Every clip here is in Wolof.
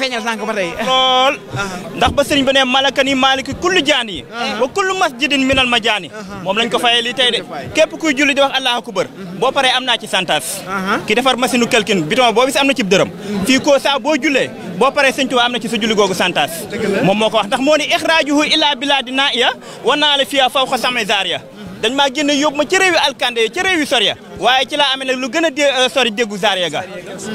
feeñal sànq ba tey lool ndax ba sëriñ ba ne malaka ni maliki kullu jaan yi wa kullu masjidin minal ma jaan moom lañ ko fayee lii tey de képp kuy julli di wax allahu akbar boo paree am naa ci santas ki defar masinu u quelqu'un biton boobu am na ci dërëm hmm. fii koo saa boo jullee boo paree sëñ Tuubaa am na ci sa julli googu santas moom moo ko wax ndax moo ni ixraajuhu ila biladi naa iya wa naa la fiya fawqa samizariya hmm. dañ maa génne yóbbu ma ci réew yi alkande yi ci réew yi waaye ci laa amee nag lu gën a euh, sori déggu Zariega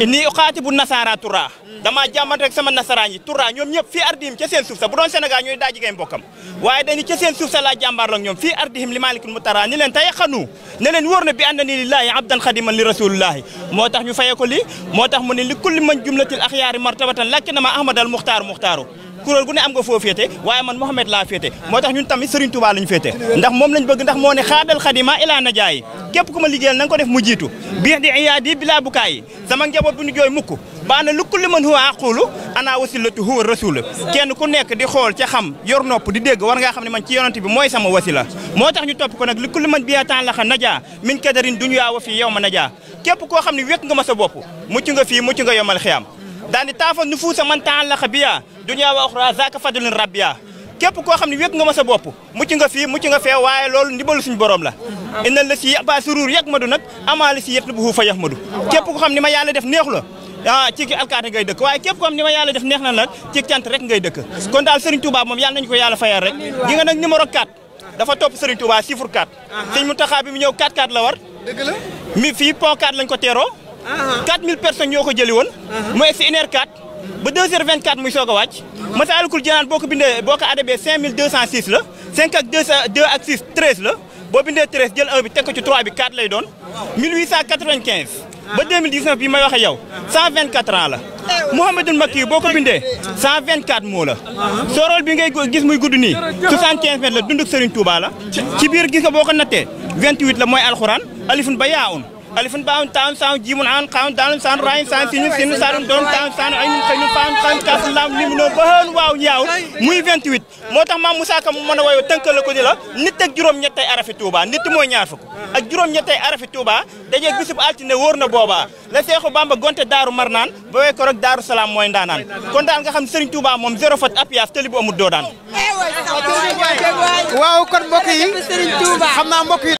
nii xaati bu nasaara tura damaa jàmbat rek sama nasaraan yi tura ñoom ñëpp fii ardihim ca seen suuf sa bu doon Sénégal ñooy daa jigéen mbokkam waaye dañu ca seen suuf sa laa jàmbaar la ñoom fii ardihim li maalikul mu ni leen tey xanu ne leen wóor na bi ànda ni lillaahi abdan xadiman li rasulillahi moo tax ñu fayee ko li moo tax mu ne li kulli man jumlatil axyaari martabatan lakk na ma ahmadal muxtaaru muxtaaru kuréel gu ne am nga foo féete waaye man Mouhamed laa féete moo tax ñun tamit Serigne Touba lañ féete ndax moom lañ bëgg ndax moo ne xaadal xadima ilaa na jaayi képp ko ma liggéeyal na nga ko def mu jiitu biix di iyaadi bilaa bukaay sama njaboot bu ñu jooy mukk baana lukku li mën huwa aqulu ana wasilatu huwa rasul kenn ku nekk di xool ca xam yor nopp di dégg war ngaa xam ne man ci yonante bi mooy sama wasila moo tax ñu topp ko nag lukku li mën biya temps laxa naja min kadarin dunya wa fi yawma naja képp koo xam ne wékk nga ma sa bopp mucc nga fii mucc nga yomal xiyam daani taafa nu fuusa man taallaqa biya dunya wa uxra zaaka fadlun rabbiya képp koo xam ne wékk nga ma sa bopp mucc nga fii mucc nga fee waaye loolu ndimbalu suñu borom la inna la si ba suruur yàq madu nag amaali si yet bu fa yàq képp koo xam ma yàlla def neexu la ah ci alkaate ngay képp ko am ni ma yàlla def neex na la ci cant rek ngay dëkk kon daal Serigne Touba moom yàlla nañu ko yàlla fayal rek gi nga nag numéro 4 dafa topp Serigne Touba chiffre 4 sëñ Mountakha bi mu ñëw la la ko teeroo 4000 personnes ñoko jëli woon. Uh-huh. moy egg si 1h04 ba 2h24 muy soog a wàcc. Uh-huh. Masaalikul Jinaan boko ko boko boo 5206 la. 5 ak 2 ak 6 13 la bo bindee 13 jël 1 bi teg ko ci 3 bi 4 lay doon. 1895. ba 2019 uh-huh. bi may waxe yow 124 ans la Mouhamadul Makki boko ko 124 moo la sorol bi ngay gis muy gudd ni 75 mètres la dunduk Serigne Touba la ci biir gis nga boko naté 28 la moy Alcorane alifun ba yaa alifun baawun taawun saawun jiimun aawun xaawun daalun saawun raayun saawun sinun sinun saarun doon saawun saawun ay ñun xëy ñun faawun xaawun kaasun laam limu noon baxoon waaw yaawun muy 28 moo tax maam Moussa Ka mu mën a woyo tënkal ko ni la nit ak juróom-ñett ay arafi Touba nit mooy ñaar fukk ak juróom-ñett arafi Touba dajee bisub altine wóor na boobaa la Seexu Bamba gonte daaru mar naan ba wee ko daaru salaam mooy ndaanaan kon daal nga xam Serigne Touba moom zéro fat apias doo daan waaw kon mbokk yi xam naa mbokk